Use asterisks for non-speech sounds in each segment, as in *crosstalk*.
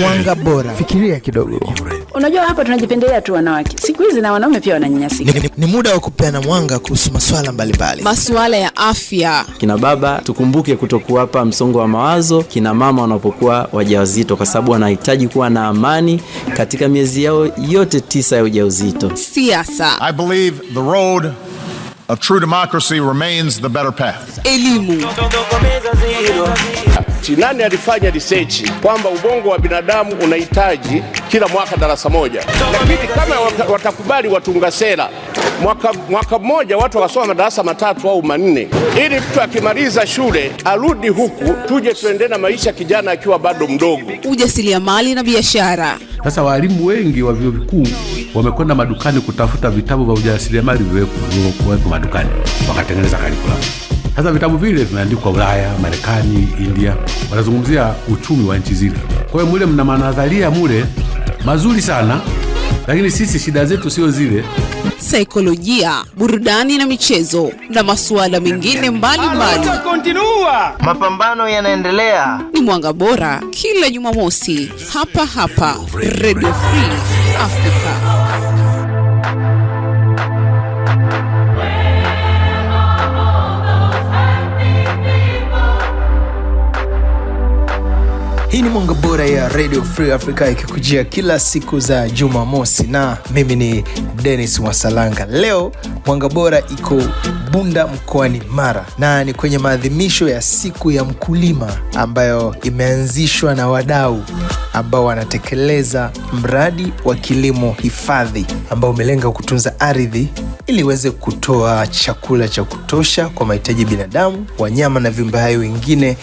mwanga bora. Fikiria kidogo, unajua hapa tunajipendelea tu wanawake siku hizi, na wanaume pia wananyanyasika. Ni, ni, ni muda wa kupeana mwanga kuhusu masuala mbalimbali, masuala ya afya. Kina baba tukumbuke kutokuwapa msongo wa mawazo kina mama wanapokuwa wajawazito, kwa sababu wanahitaji kuwa na amani katika miezi yao yote tisa ya ujauzito. Siasa I believe the road of true democracy remains the better path. Elimu. Nani alifanya research kwamba ubongo wa binadamu unahitaji kila mwaka darasa moja, lakini kama watakubali watunga sera mwaka, mwaka mmoja watu wakasoma madarasa matatu au manne, ili mtu akimaliza shule arudi huku, tuje tuende na maisha kijana akiwa bado mdogo. Ujasiriamali na biashara. Sasa walimu wengi wa vyuo vikuu wamekwenda madukani kutafuta vitabu vya ujasiriamali vilivyokuwepo madukani, wakatengeneza karikulamu. Sasa vitabu vile vimeandikwa Ulaya, Marekani, India, wanazungumzia uchumi wa nchi zile. Kwa hiyo mule mna manadharia mule mazuri sana lakini sisi shida zetu sio zile. Saikolojia, burudani na michezo na masuala mengine mbalimbali, mapambano yanaendelea. Ni Mwanga Bora kila Jumamosi hapa hapa Radio Free Africa. Hii ni Mwanga Bora ya Radio Free Africa ikikujia kila siku za Jumamosi, na mimi ni denis wasalanga Leo Mwanga Bora iko Bunda mkoani Mara na ni kwenye maadhimisho ya siku ya mkulima ambayo imeanzishwa na wadau ambao wanatekeleza mradi wa kilimo hifadhi ambao umelenga kutunza ardhi ili iweze kutoa chakula cha kutosha kwa mahitaji binadamu, wanyama na viumbe hai wengine.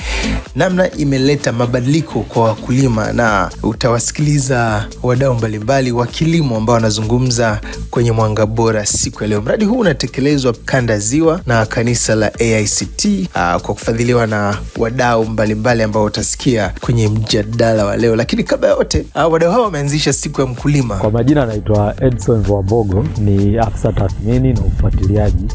Namna imeleta mabadiliko kwa wakulima, na utawasikiliza wadau mbalimbali wa kilimo ambao wanazungumza kwenye Mwanga Bora siku ya leo. Mradi huu unatekelezwa kanda Ziwa na kanisa la AICT ah, kwa kufadhiliwa na wadau mbalimbali ambao utasikia kwenye mjadala wa leo, lakini lakini kabla yote, ah, wadau hawa wameanzisha siku ya mkulima. Kwa majina anaitwa Edson Vwambogo, ni afisa tathmini na ufuatiliaji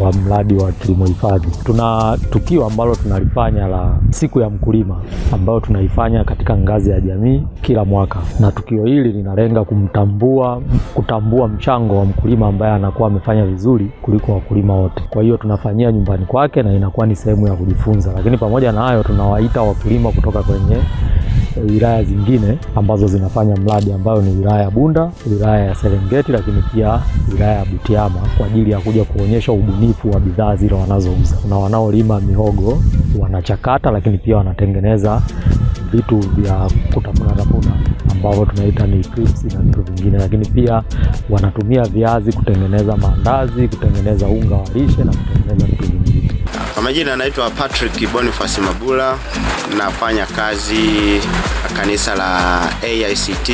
wa mradi wa kilimo hifadhi. Tuna tukio ambalo tunalifanya la siku ya mkulima ambayo tunaifanya katika ngazi ya jamii kila mwaka, na tukio hili linalenga kumtambua, kutambua mchango wa mkulima ambaye anakuwa amefanya vizuri kuliko wakulima wote. Kwa hiyo tunafanyia nyumbani kwake na inakuwa ni sehemu ya kujifunza, lakini pamoja na hayo tunawaita wakulima kutoka kwenye Eh, wilaya zingine ambazo zinafanya mradi ambayo ni wilaya ya Bunda, wilaya ya Serengeti, lakini pia wilaya ya Butiama kwa ajili ya kuja kuonyesha ubunifu wa bidhaa zile wanazouza. Kuna wanaolima mihogo wanachakata, lakini pia wanatengeneza vitu vya kutafuna tafuna ambavyo tunaita ni crisps na vitu vingine, lakini pia wanatumia viazi kutengeneza maandazi, kutengeneza unga wa lishe na kutengeneza vitu vingine. Kwa majina anaitwa Patrick Boniface Mabula, nafanya kazi kanisa la AICT.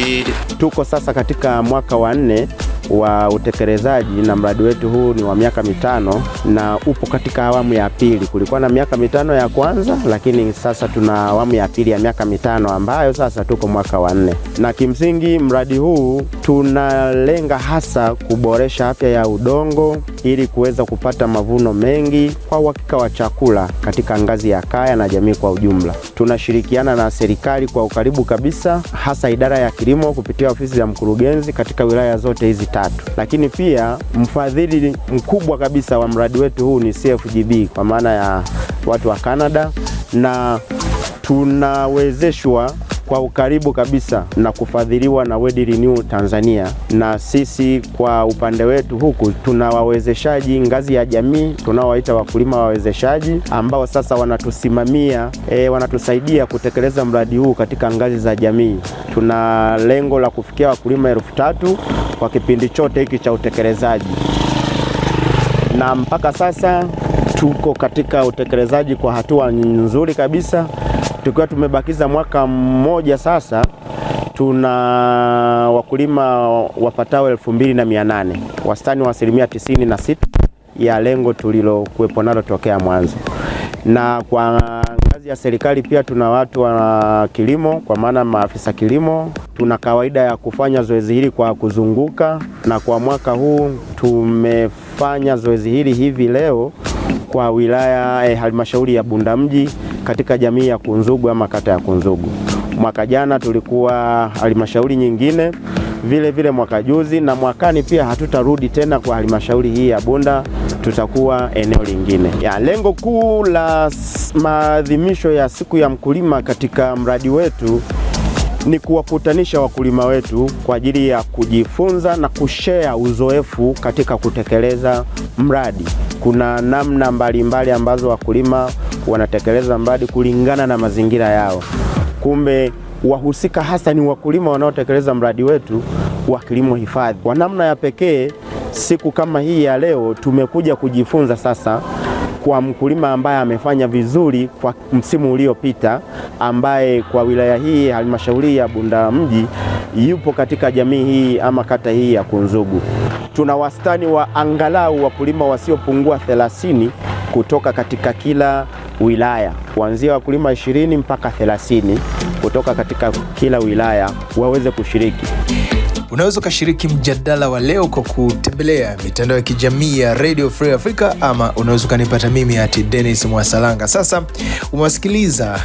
Tuko sasa katika mwaka wa nne wa utekelezaji na mradi wetu huu ni wa miaka mitano na upo katika awamu ya pili. Kulikuwa na miaka mitano ya kwanza, lakini sasa tuna awamu ya pili ya miaka mitano ambayo sasa tuko mwaka wa nne, na kimsingi mradi huu tunalenga hasa kuboresha afya ya udongo ili kuweza kupata mavuno mengi kwa uhakika wa chakula katika ngazi ya kaya na jamii kwa ujumla. Tunashirikiana na serikali kwa ukaribu kabisa, hasa idara ya kilimo kupitia ofisi ya mkurugenzi katika wilaya zote hizi tatu, lakini pia mfadhili mkubwa kabisa wa mradi wetu huu ni CFGB kwa maana ya watu wa Canada na tunawezeshwa kwa ukaribu kabisa na kufadhiliwa na Wedi Renew Tanzania, na sisi kwa upande wetu huku tuna wawezeshaji ngazi ya jamii tunaowaita wakulima wawezeshaji ambao sasa wanatusimamia e, wanatusaidia kutekeleza mradi huu katika ngazi za jamii. Tuna lengo la kufikia wakulima elfu tatu kwa kipindi chote hiki cha utekelezaji, na mpaka sasa tuko katika utekelezaji kwa hatua nzuri kabisa tukiwa tumebakiza mwaka mmoja sasa, tuna wakulima wapatao elfu mbili na mia nane wastani wa asilimia tisini na sita ya lengo tulilokuwepo nalo tokea mwanzo. Na kwa ngazi ya serikali pia tuna watu wa kilimo, kwa maana maafisa kilimo, tuna kawaida ya kufanya zoezi hili kwa kuzunguka, na kwa mwaka huu tumefanya zoezi hili hivi leo kwa wilaya eh, halmashauri ya Bunda mji katika jamii ya Kunzugu ama kata ya Kunzugu. Mwaka jana tulikuwa halmashauri nyingine vile vile mwaka juzi na mwakani pia hatutarudi tena kwa halmashauri hii ya Bunda, tutakuwa eneo lingine. Ya, lengo kuu la maadhimisho ya siku ya mkulima katika mradi wetu ni kuwakutanisha wakulima wetu kwa ajili ya kujifunza na kushea uzoefu katika kutekeleza mradi kuna namna mbalimbali mbali ambazo wakulima wanatekeleza mradi kulingana na mazingira yao. Kumbe wahusika hasa ni wakulima wanaotekeleza mradi wetu wa kilimo hifadhi. Kwa namna ya pekee, siku kama hii ya leo tumekuja kujifunza sasa kwa mkulima ambaye amefanya vizuri kwa msimu uliopita, ambaye kwa wilaya hii halmashauri ya Bunda mji yupo katika jamii hii ama kata hii ya Kunzugu tuna wastani wa angalau wakulima wasiopungua 30 kutoka katika kila wilaya, kuanzia wakulima 20 mpaka 30 kutoka katika kila wilaya waweze kushiriki. Unaweza ukashiriki mjadala wa leo kwa kutembelea mitandao ya kijamii ya Radio Free Africa ama unaweza ukanipata mimi ati Dennis Mwasalanga. Sasa umewasikiliza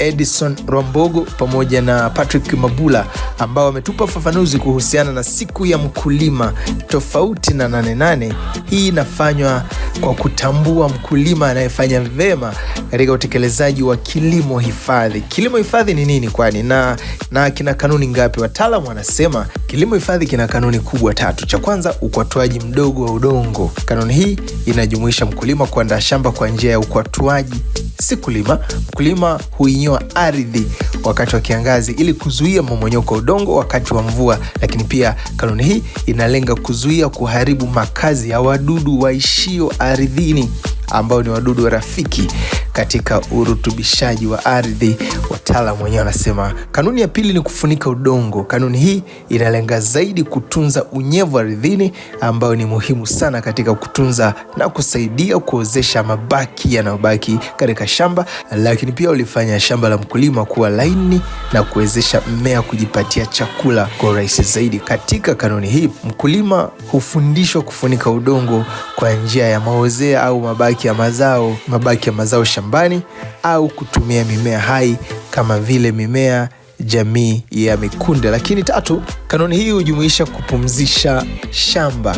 Edison Rwambogo pamoja na Patrick Mabula ambao wametupa ufafanuzi kuhusiana na siku ya mkulima. Tofauti na nanenane, hii inafanywa kwa kutambua mkulima anayefanya vema katika utekelezaji wa kilimo hifadhi. Kilimo hifadhi ni nini kwani na, na kina kanuni ngapi? Wataalamu wanasema kilimo hifadhi kina kanuni kubwa tatu. Cha kwanza, ukwatuaji mdogo wa udongo. Kanuni hii inajumuisha mkulima kuandaa shamba kwa njia ya ukwatuaji, si kulima. Mkulima huinyo wa ardhi wakati wa kiangazi ili kuzuia mmomonyoko wa udongo wakati wa mvua. Lakini pia kanuni hii inalenga kuzuia kuharibu makazi ya wadudu waishio ardhini ambao ni wadudu wa rafiki katika urutubishaji wa ardhi. Wataalamu wenyewe wanasema kanuni ya pili ni kufunika udongo. Kanuni hii inalenga zaidi kutunza unyevu ardhini, ambayo ni muhimu sana katika kutunza na kusaidia kuozesha mabaki yanayobaki katika shamba, lakini pia ulifanya shamba la mkulima kuwa laini na kuwezesha mmea kujipatia chakula kwa urahisi zaidi. Katika kanuni hii, mkulima hufundishwa kufunika udongo kwa njia ya maozea au mabaki ya mazao, mabaki ya mazao shamba shambani au kutumia mimea hai kama vile mimea jamii ya mikunde. Lakini tatu, kanuni hii hujumuisha kupumzisha shamba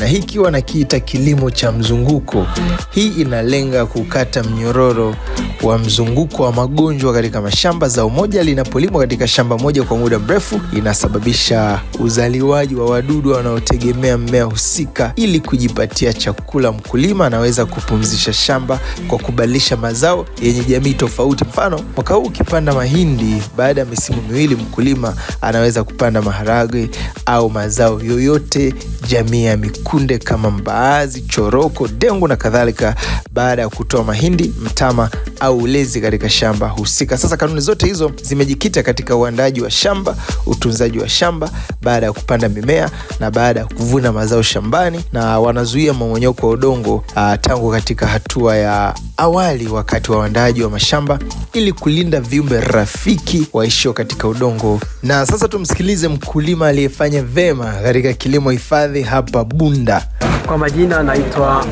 na hii ikiwa nakiita kilimo cha mzunguko. Hii inalenga kukata mnyororo wa mzunguko wa magonjwa katika mashamba. Zao moja linapolimwa katika shamba moja kwa muda mrefu, inasababisha uzaliwaji wa wadudu wanaotegemea mmea husika. Ili kujipatia chakula, mkulima anaweza kupumzisha shamba kwa kubadilisha mazao yenye jamii tofauti. Mfano, mwaka huu ukipanda mahindi, baada ya misimu miwili mkulima anaweza kupanda maharagwe au mazao yoyote jamii ya mikunde kama mbaazi, choroko, dengu na kadhalika, baada ya kutoa mahindi, mtama au ulezi katika shamba husika. Sasa kanuni zote hizo zimejikita katika uandaji wa shamba, utunzaji wa shamba baada ya kupanda mimea na baada ya kuvuna mazao shambani, na wanazuia mmomonyoko wa udongo ah, tangu katika hatua ya awali, wakati wa uandaji wa mashamba ili kulinda viumbe rafiki wa virutubisho katika udongo. Na sasa tumsikilize mkulima aliyefanya vema katika kilimo hifadhi hapa Bunda. Kwa majina anaitwa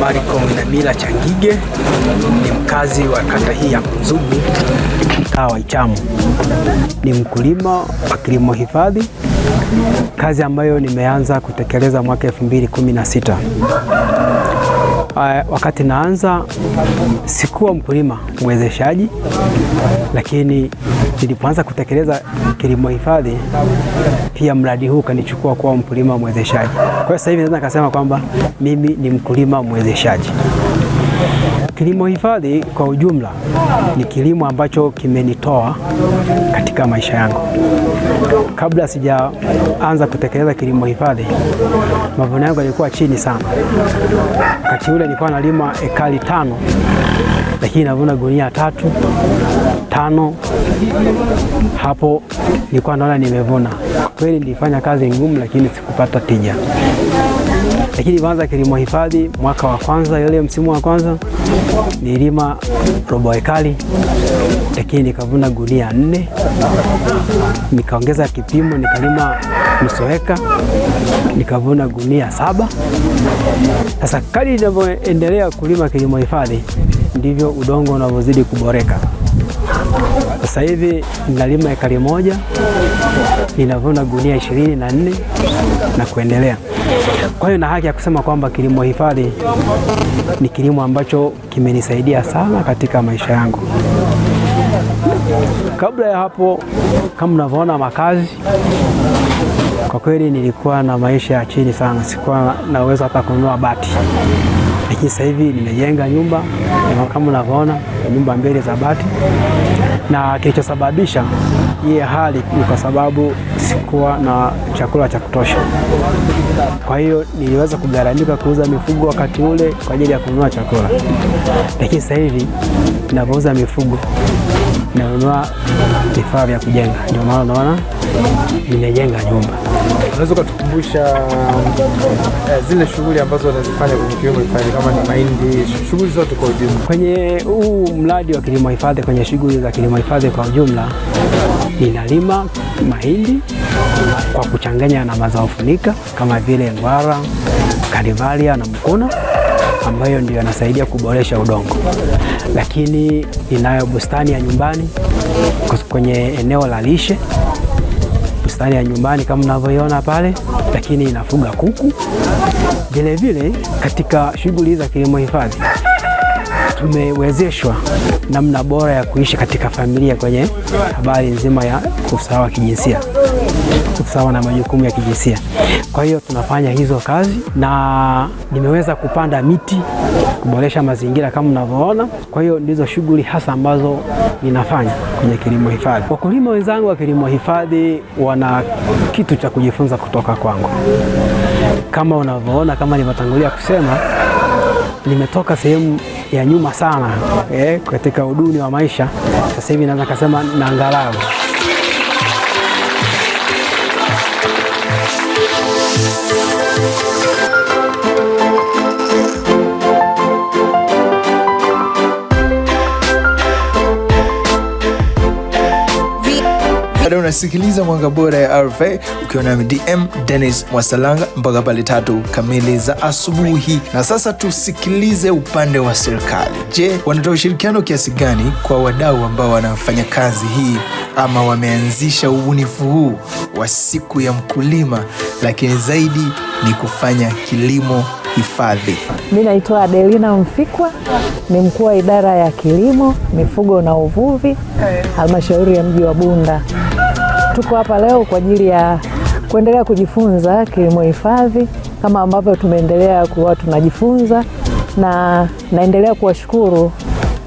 Mariko Mnamila Changige, ni mkazi wa kata hii ya Kunzugu, mtaa wa Ichamu. Ni mkulima wa kilimo hifadhi, kazi ambayo nimeanza kutekeleza mwaka 2016. Ah, wakati naanza sikuwa mkulima mwezeshaji, lakini nilipoanza kutekeleza kilimo hifadhi, pia mradi huu ukanichukua kuwa mkulima mwezeshaji. Kwa hiyo sasa hivi naweza nikasema kwamba mimi ni mkulima mwezeshaji. Kilimo hifadhi kwa ujumla ni kilimo ambacho kimenitoa katika maisha yangu. Kabla sijaanza kutekeleza kilimo hifadhi, mavuno yangu yalikuwa chini sana. Wakati ule nilikuwa nalima ekari tano lakini navuna gunia tatu tano. Hapo nilikuwa naona nimevuna kweli. Nilifanya kazi ngumu, lakini sikupata tija. Lakini kwanza kilimo hifadhi mwaka wa kwanza, yule msimu wa kwanza nilima robo ekari, lakini nikavuna gunia nne, nikaongeza kipimo, nikalima nusu eka, nikavuna gunia saba. Sasa kadri inavyoendelea kulima kilimo hifadhi ndivyo udongo unavyozidi kuboreka. Sasa hivi nalima ekari moja, ninavuna gunia ishirini na nne na kuendelea. Kwa hiyo na haki ya kusema kwamba kilimo hifadhi ni kilimo ambacho kimenisaidia sana katika maisha yangu. Kabla ya hapo, kama unavyoona makazi, kwa kweli nilikuwa na maisha ya chini sana, sikuwa na uwezo hata kununua bati. Lakini sasa hivi nimejenga nyumba kama unavyoona, nyumba mbili za bati, na kilichosababisha hii hali ni kwa sababu sikuwa na chakula cha kutosha. Kwa hiyo niliweza kugharamika kuuza mifugo wakati ule kwa ajili ya kununua chakula, lakini sasa hivi ninapouza mifugo nanunua vifaa vya kujenga, ndio maana unaona nimejenga nyumba unaweza ukatukumbusha uh, zile shughuli ambazo wanazifanya kwenye kilimo hifadhi kama ni mahindi, shughuli zote kwa ujumla? Kwenye huu mradi wa kilimo hifadhi, kwenye shughuli za kilimo hifadhi kwa ujumla, ninalima mahindi kwa kuchanganya na mazao funika kama vile ngwara, kalivalia na mkuna ambayo ndio yanasaidia kuboresha udongo, lakini inayo bustani ya nyumbani kwenye eneo la lishe bustani ya nyumbani kama mnavyoiona pale, lakini inafuga kuku vilevile. Katika shughuli za kilimo hifadhi tumewezeshwa namna bora ya kuishi katika familia kwenye habari nzima ya usawa wa kijinsia sawa na majukumu ya kijinsia. Kwa hiyo tunafanya hizo kazi na nimeweza kupanda miti, kuboresha mazingira kama mnavyoona. Kwa hiyo ndizo shughuli hasa ambazo ninafanya kwenye kilimo hifadhi. Wakulima wenzangu wa kilimo hifadhi wana kitu cha kujifunza kutoka kwangu. Kama unavyoona, kama nilivyotangulia kusema, nimetoka sehemu ya nyuma sana eh, katika uduni wa maisha. Sasa hivi naweza kasema na angalau Thank you. unasikiliza Mwanga Bora ya RFA ukiwa nami DM Dennis Mwasalanga mpaka pale tatu kamili za asubuhi. Na sasa tusikilize upande wa serikali. Je, wanatoa ushirikiano kiasi gani kwa wadau ambao wanafanya kazi hii ama wameanzisha ubunifu huu wa siku ya mkulima, lakini zaidi ni kufanya kilimo hifadhi. Mi naitwa Adelina Mfikwa, ni mkuu wa idara ya kilimo, mifugo na uvuvi, halmashauri ya mji wa Bunda. Tuko hapa leo kwa ajili ya kuendelea kujifunza kilimo hifadhi kama ambavyo tumeendelea kuwa tunajifunza, na naendelea kuwashukuru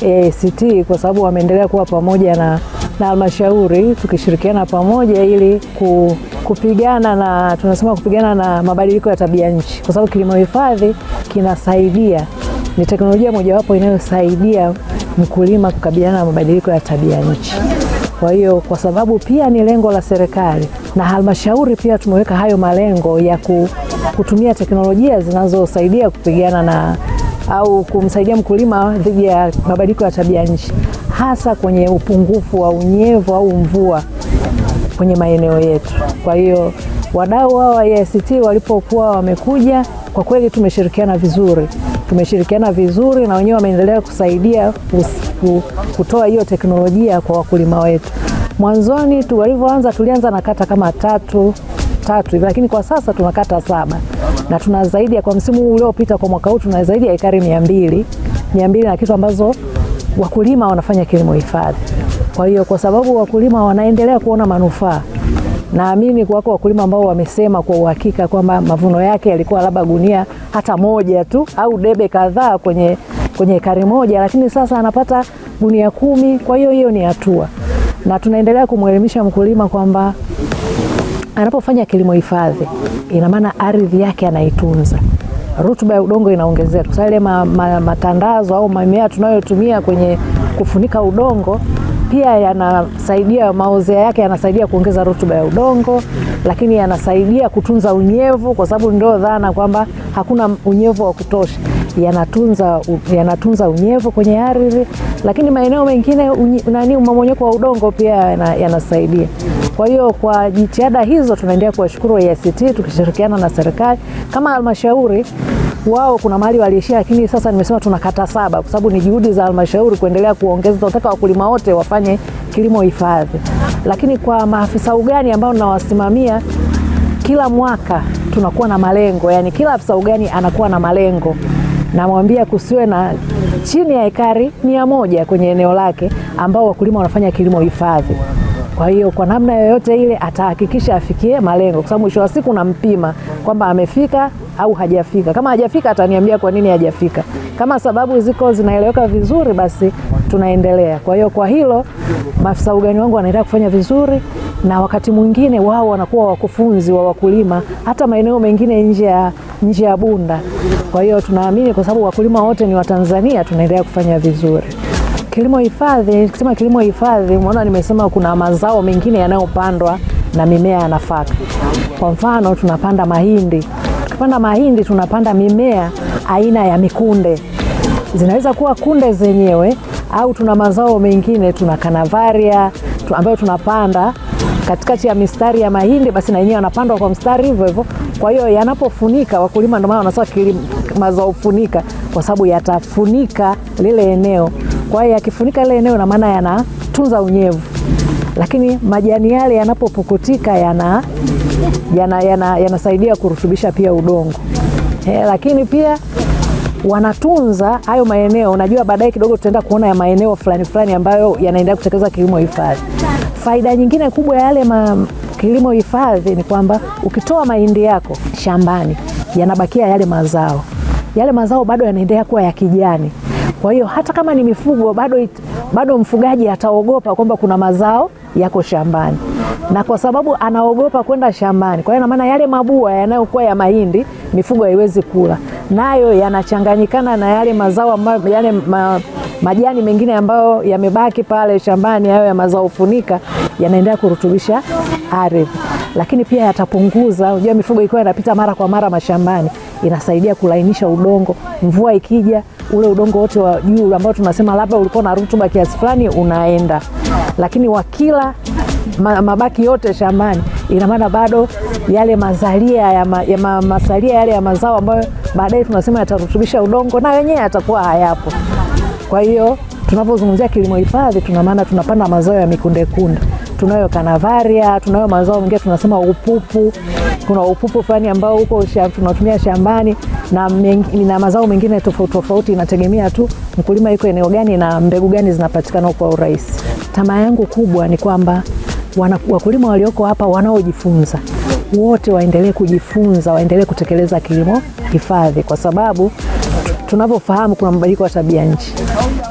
AICT kwa sababu wameendelea kuwa pamoja na na halmashauri tukishirikiana pamoja ili ku, kupigana na tunasema kupigana na mabadiliko ya tabia nchi, kwa sababu kilimo hifadhi kinasaidia, ni teknolojia mojawapo inayosaidia mkulima kukabiliana na mabadiliko ya tabia nchi. Kwa hiyo kwa sababu pia ni lengo la serikali na halmashauri, pia tumeweka hayo malengo ya kutumia teknolojia zinazosaidia kupigana na au kumsaidia mkulima dhidi ya mabadiliko ya tabia nchi, hasa kwenye upungufu wa unyevu au mvua kwenye maeneo yetu. Kwa hiyo wadau hawa wa ICT walipokuwa wamekuja, kwa kweli tumeshirikiana vizuri, tumeshirikiana vizuri na wenyewe wameendelea kusaidia kutoa hiyo teknolojia kwa wakulima wetu. Mwanzoni tu walivyoanza, tulianza na kata kama tatu tatu, lakini kwa sasa tuna kata saba na tuna zaidi ya, kwa msimu huu uliopita, kwa mwaka huu tuna zaidi ya ekari mia mbili mia mbili na kitu ambazo wakulima wanafanya kilimo hifadhi. Kwa hiyo kwa sababu wakulima wanaendelea kuona manufaa, naamini wako wakulima ambao wamesema kwa uhakika kwamba mavuno yake yalikuwa labda gunia hata moja tu au debe kadhaa kwenye kwenye ekari moja, lakini sasa anapata gunia kumi. Kwa hiyo hiyo ni hatua, na tunaendelea kumwelimisha mkulima kwamba anapofanya kilimo hifadhi, ina maana ardhi yake anaitunza, rutuba ya udongo inaongezeka, kwa sababu ile ma, ma, matandazo au mimea tunayotumia kwenye kufunika udongo pia yanasaidia maozea yake yanasaidia kuongeza rutuba ya udongo, lakini yanasaidia kutunza unyevu, kwa sababu ndio dhana kwamba hakuna unyevu wa kutosha yanatunza, yanatunza unyevu kwenye ardhi, lakini maeneo mengine nani, mmomonyoko wa udongo pia yanasaidia. Kwa hiyo kwa jitihada hizo tunaendelea kuwashukuru AICT tukishirikiana na serikali kama halmashauri wao kuna mahali waliishia, lakini sasa nimesema tuna kata saba, kwa sababu ni juhudi za halmashauri kuendelea kuongeza. Tunataka wakulima wote wafanye kilimo hifadhi, lakini kwa maafisa ugani ambao nawasimamia kila mwaka tunakuwa na malengo, yani kila afisa ugani anakuwa na malengo namwambia kusiwe na chini ya ekari mia moja kwenye eneo lake ambao wakulima wanafanya kilimo hifadhi. Kwa hiyo kwa namna yoyote ile atahakikisha afikie malengo, kwa sababu mwisho wa siku nampima kwamba amefika au hajafika. Kama hajafika ataniambia kwa nini hajafika. Kama sababu ziko zinaeleweka vizuri, basi tunaendelea. Kwa hiyo kwa hilo maafisa ugani wangu wanaendelea kufanya vizuri, na wakati mwingine wao wanakuwa wakufunzi wa wakulima hata maeneo mengine nje ya nje ya Bunda. Kwa hiyo tunaamini kwa sababu wakulima wote ni Watanzania, tunaendelea kufanya vizuri. Kilimo hifadhi, Kusema kilimo hifadhi, umeona nimesema kuna mazao mengine yanayopandwa na mimea ya nafaka. Kwa mfano tunapanda mahindi Tukipanda mahindi tunapanda mimea aina ya mikunde, zinaweza kuwa kunde zenyewe au tuna mazao mengine, tuna kanavaria ambayo tunapanda katikati ya mistari ya mahindi, basi na yenyewe yanapandwa kwa mstari hivyo hivyo. Kwa hiyo yanapofunika, wakulima ndio maana wanasema mazao funika, kwa sababu yatafunika lile eneo. Kwa hiyo yakifunika lile eneo, na maana yanatunza unyevu lakini majani yale yanapopukutika yana yanasaidia yana, yana kurutubisha pia udongo He, eh, lakini pia wanatunza hayo maeneo. Unajua, baadaye kidogo tutaenda kuona ya maeneo fulani fulani ambayo yanaendelea kutekeleza kilimo hifadhi. Faida nyingine kubwa ya yale ma, kilimo hifadhi ni kwamba ukitoa mahindi yako shambani yanabakia yale mazao, yale mazao bado yanaendelea kuwa ya kijani. Kwa hiyo hata kama ni mifugo bado it, bado mfugaji ataogopa kwamba kuna mazao yako shambani, na kwa sababu anaogopa kwenda shambani, kwa hiyo na maana yale mabua yanayokuwa ya mahindi mifugo haiwezi kula, nayo yanachanganyikana na yale mazao ambayo yale ma, majani mengine ambayo yamebaki pale shambani, hayo ya mazao funika, yanaendelea kurutubisha ardhi, lakini pia yatapunguza. Unajua mifugo ikiwa inapita mara kwa mara mashambani inasaidia kulainisha udongo. Mvua ikija, ule udongo wote wa juu ambao tunasema labda ulikuwa na rutuba kiasi fulani unaenda, lakini wakila ma, mabaki yote shambani, ina maana bado yale mazalia ya ma, ya ma, masalia yale ya mazao ambayo baadaye tunasema yatarutubisha udongo na wenyewe yatakuwa hayapo. Kwa hiyo tunapozungumzia kilimo hifadhi, tuna maana tunapanda mazao ya mikundekunde, tunayo kanavaria, tunayo mazao mengine tunasema upupu kuna upupu fulani ambao huko tunatumia shambani na, mengi, na mazao mengine tofauti tofauti, inategemea tu mkulima yuko eneo gani na mbegu gani zinapatikana kwa urahisi. Tamaa yangu kubwa ni kwamba wakulima walioko hapa wanaojifunza wote waendelee kujifunza, waendelee kutekeleza kilimo hifadhi, kwa sababu tunavyofahamu kuna mabadiliko ya tabia nchi.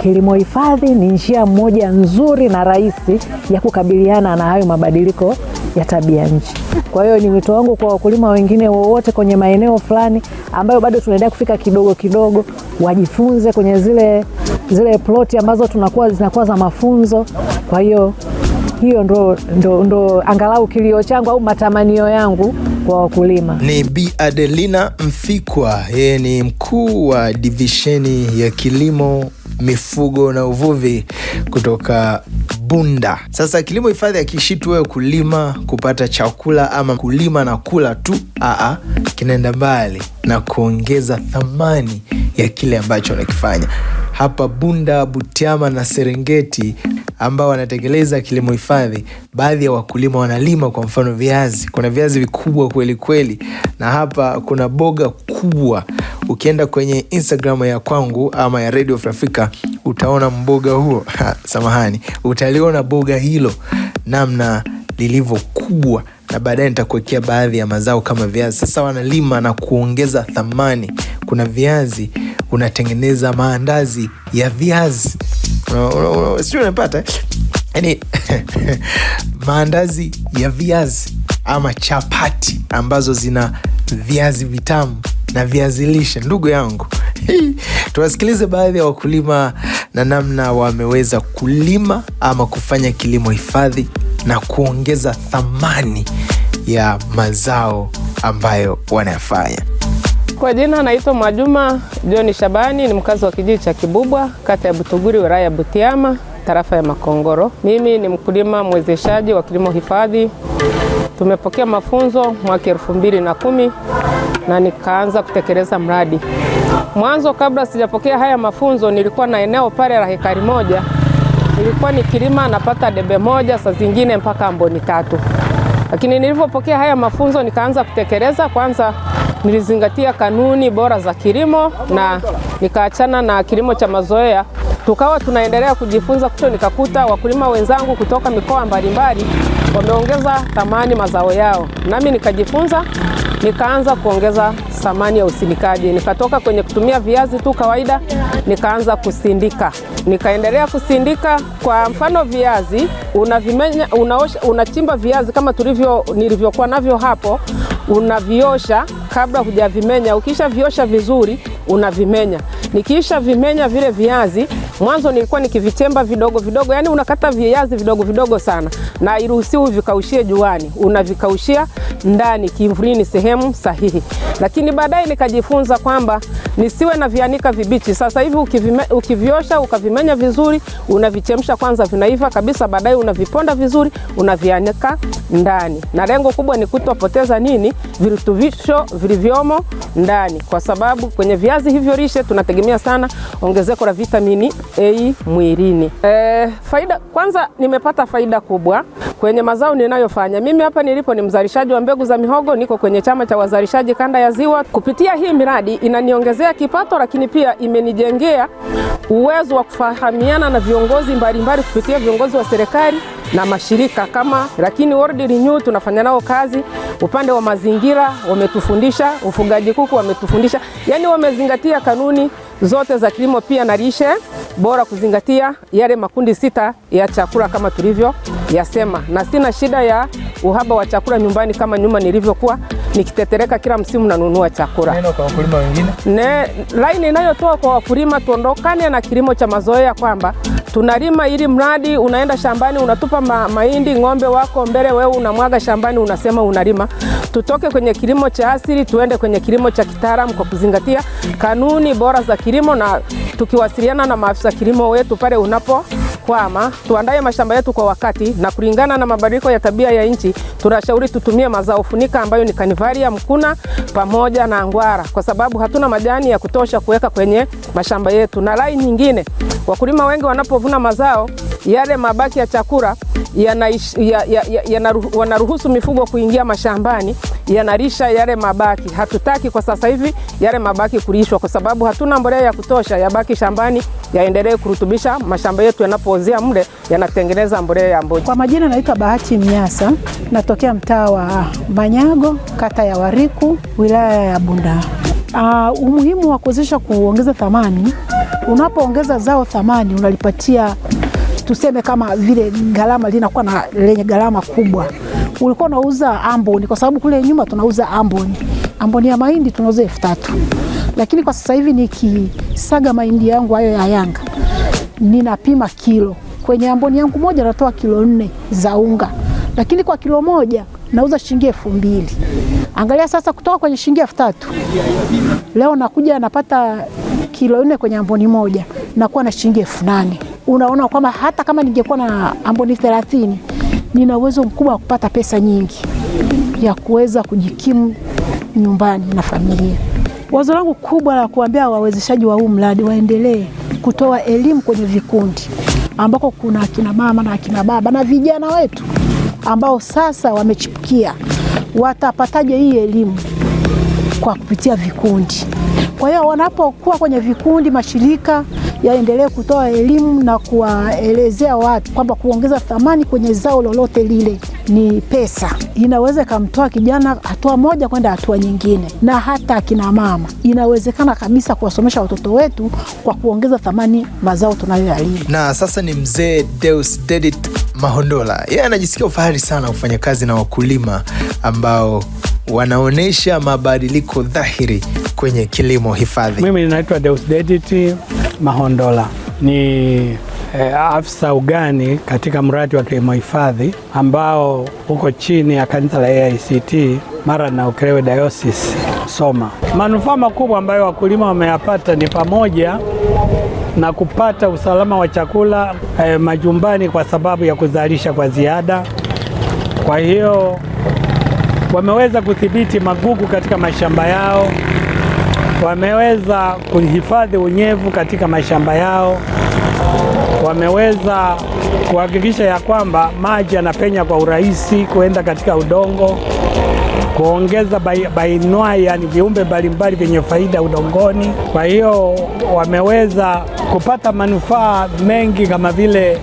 Kilimo hifadhi ni njia moja nzuri na rahisi ya kukabiliana na hayo mabadiliko ya tabia nchi. Kwa hiyo ni wito wangu kwa wakulima wengine wowote kwenye maeneo fulani ambayo bado tunaendelea kufika kidogo kidogo, wajifunze kwenye zile, zile ploti ambazo tunakuwa zinakuwa za mafunzo. Kwa hiyo hiyo ndo, ndo, ndo angalau kilio changu au matamanio yangu kwa wakulima. Ni Bi Adelina Mfikwa, yeye ni mkuu wa divisheni ya kilimo, mifugo na uvuvi kutoka Bunda. Sasa kilimo hifadhi hakishitu wewe kulima kupata chakula ama kulima na kula tu, aa, kinaenda mbali na kuongeza thamani ya kile ambacho wanakifanya hapa Bunda, Butiama na Serengeti ambao wanatekeleza kilimo hifadhi, baadhi ya wakulima wanalima kwa mfano viazi. Kuna viazi vikubwa kweli kweli, na hapa kuna boga kubwa. Ukienda kwenye Instagram ya kwangu ama ya Radio Frafika utaona mboga huo *laughs* ha, samahani, utaliona boga hilo namna lilivyokubwa, na baadaye nitakuwekea baadhi ya mazao kama viazi. Sasa wanalima na kuongeza thamani. Kuna viazi unatengeneza maandazi ya viazi, sijui unapata eh? yani *laughs* maandazi ya viazi ama chapati ambazo zina viazi vitamu na viazi lishe, ndugu yangu. *laughs* tuwasikilize baadhi ya wakulima na namna wameweza kulima ama kufanya kilimo hifadhi na kuongeza thamani ya mazao ambayo wanayafanya. Kwa jina anaitwa Mwajuma joni Shabani, ni mkazi wa kijiji cha Kibubwa, kata ya Butuguri, wilaya ya Butiama, tarafa ya Makongoro. Mimi ni mkulima mwezeshaji wa kilimo hifadhi. Tumepokea mafunzo mwaka elfu mbili na kumi na nikaanza kutekeleza mradi. Mwanzo kabla sijapokea haya mafunzo, nilikuwa na eneo pale la hekari moja, nilikuwa nikilima napata debe moja, saa zingine mpaka amboni tatu. Lakini nilivyopokea haya mafunzo nikaanza kutekeleza. Kwanza nilizingatia kanuni bora za kilimo na nikaachana na kilimo cha mazoea, tukawa tunaendelea kujifunza kuto, nikakuta wakulima wenzangu kutoka mikoa mbalimbali wameongeza thamani mazao yao, nami nikajifunza, nikaanza kuongeza thamani ya usindikaji. Nikatoka kwenye kutumia viazi tu kawaida, nikaanza kusindika, nikaendelea kusindika. Kwa mfano viazi unavimenya, unaosha, unachimba viazi kama tulivyo nilivyokuwa navyo hapo, unaviosha kabla hujavimenya. Ukisha viosha vizuri, unavimenya. Nikiisha vimenya vile viazi Mwanzo nilikuwa nikivichemba vidogo vidogo, yani unakata viazi vidogo vidogo sana, na iruhusiwi vikaushie juani, unavikaushia ndani kivulini, sehemu sahihi. Lakini baadaye nikajifunza kwamba nisiwe na vianika vibichi. Sasa hivi ukivime, ukiviosha ukavimenya vizuri, unavichemsha kwanza, vinaiva kabisa, baadaye unaviponda vizuri, unavianika ndani, na lengo kubwa ni kutopoteza nini, virutubisho vilivyomo ndani, kwa sababu kwenye viazi hivyo lishe tunategemea sana ongezeko la vitamini A mwilini. E, faida kwanza, nimepata faida kubwa kwenye mazao ninayofanya mimi. Hapa nilipo ni mzalishaji wa mbegu za mihogo, niko kwenye chama cha wazalishaji kanda ya Ziwa. Kupitia hii miradi inaniongezea imeniongezea kipato, lakini pia imenijengea uwezo wa kufahamiana na viongozi mbalimbali kupitia viongozi wa serikali na mashirika kama lakini World Renew tunafanya nao kazi. Upande wa mazingira wametufundisha, ufugaji kuku wametufundisha, yani wamezingatia kanuni zote za kilimo pia na lishe bora, kuzingatia yale makundi sita ya chakula kama tulivyo yasema, na sina shida ya uhaba wa chakula nyumbani kama nyuma nilivyokuwa nikitetereka kila msimu nanunua chakula. Neno kwa wakulima wengine, ne laini inayotoa kwa wakulima, tuondokane na kilimo cha mazoea kwamba tunalima ili mradi unaenda shambani unatupa ma, mahindi ng'ombe wako mbele, wewe unamwaga shambani unasema unalima. Tutoke kwenye kilimo cha asili tuende kwenye kilimo cha kitaalamu kwa kuzingatia kanuni bora za kilimo, na tukiwasiliana na maafisa kilimo wetu pale unapo kwama tuandaye mashamba yetu kwa wakati na kulingana na mabadiliko ya tabia ya nchi, tunashauri tutumie mazao funika ambayo ni kanivaria, mkuna pamoja na ngwara, kwa sababu hatuna majani ya kutosha kuweka kwenye mashamba yetu. Na rai nyingine, wakulima wengi wanapovuna mazao yale mabaki ya chakula wanaruhusu mifugo kuingia mashambani, yanarisha yale mabaki. Hatutaki kwa sasa hivi yale mabaki kulishwa, kwa sababu hatuna mbolea ya kutosha. Yabaki shambani yaendelee kurutubisha mashamba yetu, yanapoozia mle yanatengeneza mbolea ya mboji. Kwa majina naitwa Bahati Mnyasa, natokea mtaa wa Manyago, kata ya Wariku, wilaya ya Bunda. Uh, umuhimu wa kuwezesha kuongeza thamani, unapoongeza zao thamani unalipatia tuseme kama vile gharama linakuwa na lenye gharama kubwa. Ulikuwa unauza amboni, kwa sababu kule nyuma tunauza amboni, amboni ya mahindi tunauza elfu tatu lakini kwa sasa hivi nikisaga mahindi yangu hayo ya Yanga ninapima kilo kwenye amboni yangu moja natoa kilo nne za unga, lakini kwa kilo moja nauza shilingi elfu mbili. Angalia sasa, kutoka kwenye shilingi elfu tatu leo nakuja napata kilo nne kwenye amboni moja, nakuwa na shilingi elfu nane unaona kwamba hata kama ningekuwa na amboni 30 nina uwezo mkubwa wa kupata pesa nyingi ya kuweza kujikimu nyumbani na familia. Wazo langu kubwa la kuambia wawezeshaji wa huu mradi waendelee kutoa elimu kwenye vikundi ambako kuna akina mama na akina baba na vijana wetu ambao sasa wamechipukia, watapataje hii elimu? Kwa kupitia vikundi. Kwa hiyo wanapokuwa kwenye vikundi, mashirika yaendelee kutoa elimu na kuwaelezea watu kwamba kuongeza thamani kwenye zao lolote lile ni pesa, inaweza ikamtoa kijana hatua moja kwenda hatua nyingine, na hata akina mama inawezekana kabisa kuwasomesha watoto wetu kwa kuongeza thamani mazao tunayoyalima. Na sasa ni mzee Deus Dedit Mahondola, yeye anajisikia ufahari sana kufanya kazi na wakulima ambao wanaonyesha mabadiliko dhahiri kwenye kilimo hifadhi. Mimi ninaitwa Deus Dedit Mahondola ni eh, afisa ugani katika mradi wa kilimo hifadhi ambao uko chini ya kanisa la AICT Mara na Ukerewe Diocese Soma. Manufaa makubwa ambayo wakulima wameyapata ni pamoja na kupata usalama wa chakula eh, majumbani kwa sababu ya kuzalisha kwa ziada. Kwa hiyo wameweza kudhibiti magugu katika mashamba yao wameweza kuhifadhi unyevu katika mashamba yao, wameweza kuhakikisha ya kwamba maji yanapenya kwa urahisi kuenda katika udongo, kuongeza bainwai, yani viumbe mbalimbali vyenye faida udongoni. Kwa hiyo wameweza kupata manufaa mengi kama vile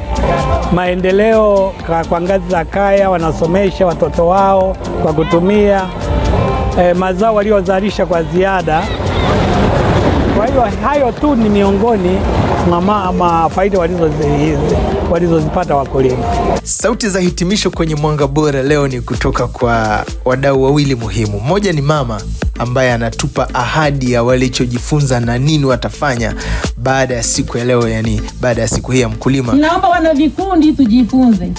maendeleo kwa ngazi za kaya, wanasomesha watoto wao kwa kutumia eh, mazao waliozalisha kwa ziada. Kwa hiyo hayo tu ni miongoni mwa mafaida walizozipata wakulima. Sauti za hitimisho kwenye Mwanga Bora leo ni kutoka kwa wadau wawili muhimu. Mmoja ni mama ambaye anatupa ahadi ya walichojifunza na nini watafanya baada ya siku ya leo, yani baada ya siku hii ya mkulima. Naomba wana vikundi tujifunze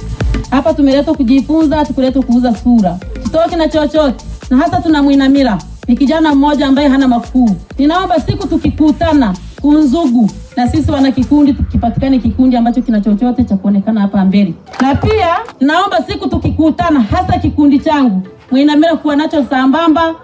hapa, tumeletwa kujifunza, tukuletwa kuuza sura, tutoke na chochote na hasa Mwinamila, ni kijana mmoja ambaye hana makuu. Ninaomba siku tukikutana Kunzugu na sisi wana kikundi tukipatikane kikundi ambacho kina chochote cha kuonekana hapa mbele, na pia naomba siku tukikutana, hasa kikundi changu Mwinamila, kuwa nacho sambamba,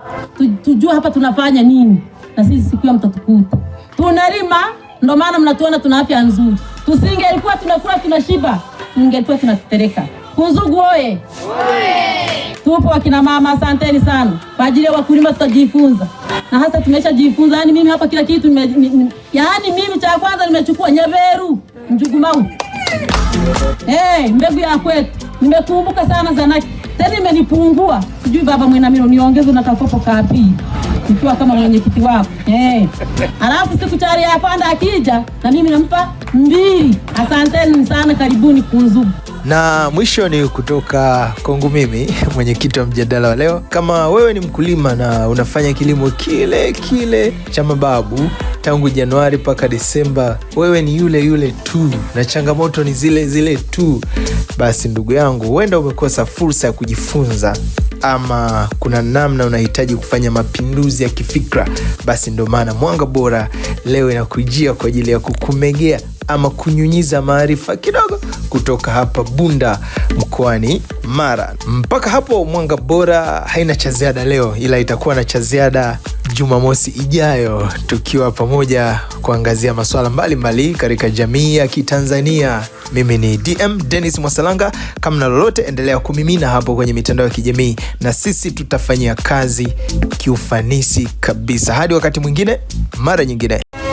tujue hapa tunafanya nini, na sisi siku ya mtatukuta tunalima. ndo maana mnatuona tuna afya nzuri, tusingelikuwa tunakula tunashiba, ningelikuwa tunatetereka kuzugu oye! Tupo wakina mama, asanteni sana kwa ajili ya wakulima, tutajifunza na hasa tumeshajifunza. Yani mimi hapa kila kitu nime, nime, yani mimi cha kwanza nimechukua nyeveru njugumau hey, mbegu ya kwetu. Nimekumbuka sana Zanaki, tena imenipungua sijui baba mwinamiro niongeze na kakopo kapi nikiwa kama mwenyekiti wako hey. Alafu siku chari ya panda akija na mimi nampa mbili. Asanteni sana, karibuni kuzugu na mwisho ni kutoka kwangu mimi *laughs* mwenyekiti wa mjadala wa leo. Kama wewe ni mkulima na unafanya kilimo kile kile cha mababu tangu Januari mpaka Desemba, wewe ni yule yule tu na changamoto ni zile zile tu, basi ndugu yangu, huenda umekosa fursa ya kujifunza ama kuna namna unahitaji kufanya mapinduzi ya kifikra, basi ndo maana Mwanga Bora leo inakujia kwa ajili ya kukumegea ama kunyunyiza maarifa kidogo kutoka hapa Bunda mkoani Mara. Mpaka hapo Mwanga Bora haina cha ziada leo, ila itakuwa na cha ziada Jumamosi ijayo tukiwa pamoja kuangazia masuala mbalimbali katika jamii ya Kitanzania. Mimi ni DM Dennis Mwasalanga. Kama na lolote, endelea kumimina hapo kwenye mitandao ya kijamii, na sisi tutafanyia kazi kiufanisi kabisa. Hadi wakati mwingine, mara nyingine.